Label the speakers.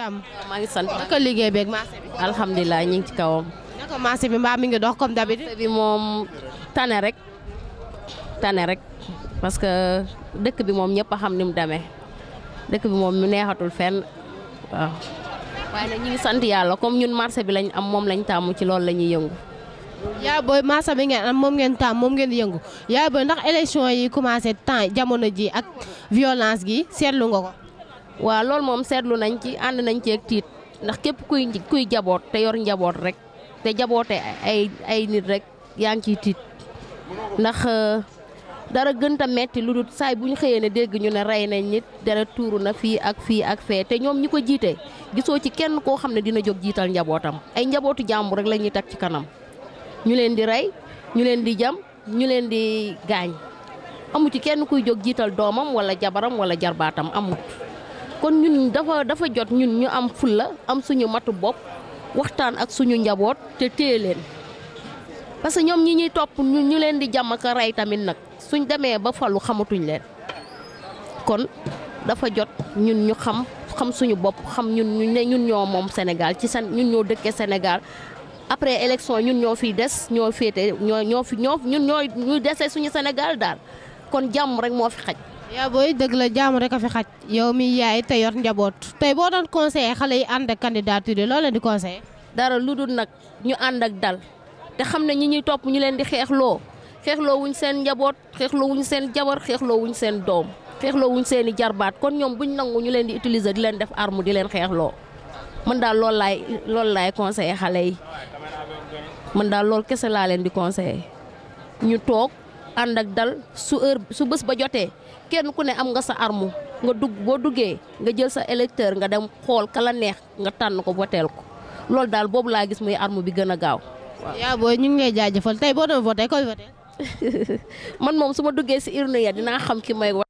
Speaker 1: jàmm. maa ngi sant naka liggéey beeg marché bi. ñu ngi ci kawam. naka bi mbaa mi ngi dox comme d'habitude. marché bi moom tane rek tane rek parce que dëkk bi moom ñëpp a xam ni mu demee dëkk bi moom mu neexatul fenn waaw. waaye nag ñu sant yàlla comme ñun marché bi lañ am moom lañ tàmm ci loolu la ñuy yëngu. yaa booy marché bi ngeen am moom ngeen tàmm moom ngeen yëngu yaa booy ndax élection yi commencé temps jamono ji ak violence gi seetlu nga ko. waaw loolu moom seetlu nañ ci ànd nañ ci tiit ndax képp kuy kuy jaboot te yor njaboot rek te jaboote ay ay nit rek yaa ngi ciy tiit ndax euh, dara gënta metti lu dul saay bu ñu xëyee ne dégg ñu ne rey nañ nit dara tuuru na fii ak fii ak fee te ñoom ñi ko jiite gisoo ci kenn koo xam ne dina jóg jiital njabootam ay njabootu jàmbur rek la ñuy teg ci kanam ñu leen di rey ñu leen di jam ñu leen di gaañ amu ci kenn kuy jog jiital doomam wala jabaram wala jarbaatam amut kon ñun dafa dafa jot ñun ñu am fulla am suñu matu bopp waxtaan ak suñu njaboot te téye leen parce que ñoom ñi ñuy topp ñu ñu leen di jàmm ak tamit nag suñ demee ba falu xamatuñ leen kon dafa jot ñun ñu xam xam suñu bopp xam ñun ñu ne ñun ñoo moom Sénégal ci seen ñun ñoo dëkkee Sénégal après élection ñun ñoo fiy des ñoo féete ñoo ñoo fi ñoo ñun ñoo ñu desee suñu senegal daal kon jàmm rek moo fi xaj yaa booy dëgg la jaamu rek a fi xaj yow mi yaay te yor njaboot tey boo doon conseillé xale yi ànd ak candidature loo leen di conseillé. dara lu dul nag ñu ànd ak dal te xam ne ñi ñuy topp ñu leen di xeexloo xeexloo wuñ seen njaboot xeexloo wuñ seen jabar xeexloo wuñ seen doom xeexloo wuñ seen i jarbaat kon ñoom buñ nangu ñu leen di utiliser di leen def armu di leen xeexloo mën daal loolu lay loolu laay conseillé xale yi mën daal loolu kese laa leen di conseillé ñu ànd ak dal su heure su bës ba jotee kenn ku ne am nga sa armu nga dugg boo duggee nga jël sa électeur nga dem xool kala neex nga tànn ko boteel ko loolu daal boobu laa gis muy armu bi gën a gaaw. yaa booy ñu ngi lay jaajëfal tey boo doon voté koy voté man moom su ma duggee si urne ya dinaa xam ki may